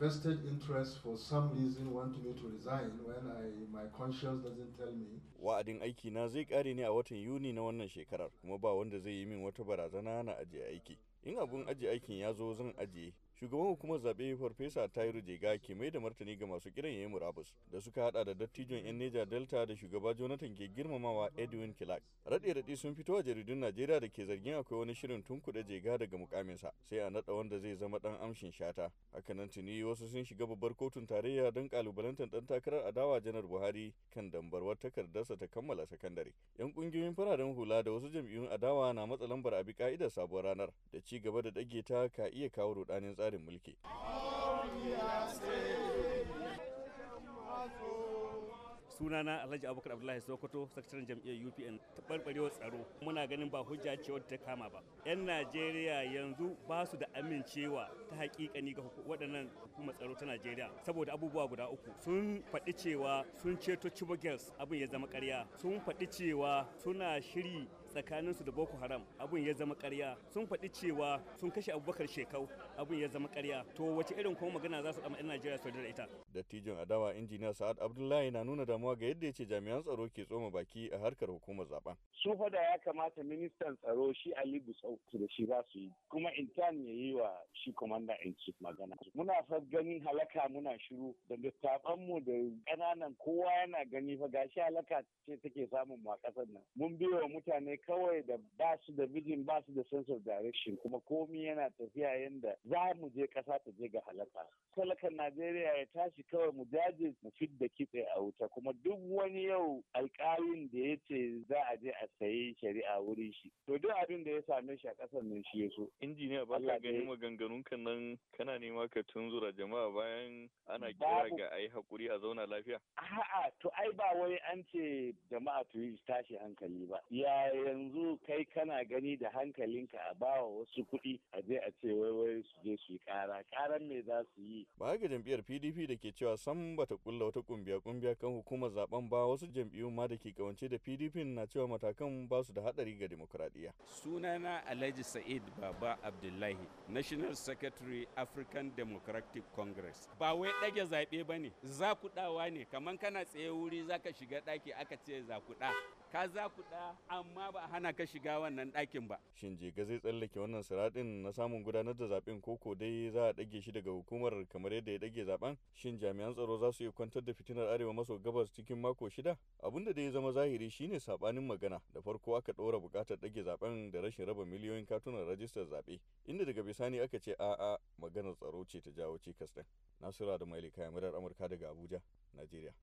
vested interest for some reason want me to resign when I, my conscience doesn't tell me. Wa'adin aiki na zai kare ne a watan Yuni na wannan shekarar kuma ba wanda zai yi min wata barazana na ajiye aiki. in abun ajiye aikin ya zo zan ajiye shugaban hukumar zaɓe farfesa tayiru jega ke mai da martani ga masu kiran yayin murabus da suka hada da dattijon yan neja delta da shugaba jonathan ke girmamawa edwin kilak raɗe-raɗe sun fito a jaridun najeriya da ke zargin akwai wani shirin tunkuɗe jega daga mukaminsa sai a naɗa wanda zai zama ɗan amshin shata hakanan tuni wasu sun shiga babbar kotun tarayya don kalubalantar ɗan takarar adawa janar buhari kan dambarwar takardarsa ta kammala sakandare yan kungiyoyin fararen hula da wasu jam'iyyun adawa na matsa lambar abi ka'idar sabuwar ranar da ci gaba da dage ta ka iya kawo rudanin tsarin mulki. sunana alhaji abubakar abdullahi sokoto sakataren jam'iyyar upn taɓarɓarewa tsaro muna ganin ba hujja ce wadda ta kama ba yan najeriya yanzu ba su da amincewa ta hakikani ga waɗannan hukumar tsaro ta najeriya saboda abubuwa guda uku sun faɗi cewa sun ceto chibogels abin ya zama ƙarya sun faɗi cewa suna shiri tsakaninsu da boko haram abun ya zama karya sun faɗi cewa sun kashe abubakar shekau abun ya zama karya to wace irin kuma magana za su ɗama 'yan najeriya su da ita dattijon adawa injiniya sa'ad abdullahi na nuna damuwa ga yadda ya jami'an tsaro ke tsoma baki a harkar hukumar zaben su fada da ya kamata ministan tsaro shi ali busau da shi za su yi kuma intan ya yi wa shi commander in chief magana muna fa ganin halaka muna shiru da littafanmu da ƙananan kowa yana gani fa gashi halaka ce take samun mu a ƙasar nan mun biyo wa mutane kawai da ba su da vision ba su da sense of direction kuma komi yana tafiya yanda za mu je kasa ta je ga halaka talakan najeriya ya tashi kawai mu jaje mu da kitse a wuta kuma duk wani yau alkalin da ya ce za a je a sayi shari'a wuri shi to duk abin da ya same shi a kasar nan shi ya so injiniya ba ka ganin maganganun kan nan kana nema ka tunzura jama'a bayan ana kira ga ayi hakuri a zauna lafiya a'a to ai ba wai an ce jama'a to yi tashi hankali ba ya yanzu kai kana gani da hankalinka a bawa wasu kuɗi a je a ce wai wai su je su yi ƙara ƙaran me za su yi. ba ga jam'iyyar PDP da ke cewa san bata kulla wata kumbiya kumbiya kan hukumar zaben ba wasu jam'iyyu ma da ke kawance da PDP na cewa matakan ba su da haɗari ga demokuraɗiyya. Sunana Alhaji Sa'id Baba Abdullahi, National Secretary African Democratic Congress. Ba wai ɗage zaɓe ba ne, zakuɗawa ne, kamar kana tsaye wuri zaka shiga ɗaki aka ce zakuɗa. Ka zakuɗa amma ba ba a hana ka shiga wannan ɗakin ba. Shin jega zai tsallake wannan siraɗin na samun gudanar da zaɓen koko dai za a ɗage shi daga hukumar kamar yadda ya ɗage zaɓen? Shin jami'an tsaro za su iya kwantar da fitinar arewa maso gabas cikin mako shida? Abin da ya zama zahiri shine saɓanin magana da farko aka ɗora buƙatar ɗage zaɓen da rashin raba miliyoyin katunan rajistar zaɓe inda daga bisani aka ce a'a maganar tsaro ce ta jawo cikas ɗin. Nasura da Maili kayan murar Amurka daga Abuja, Najeriya.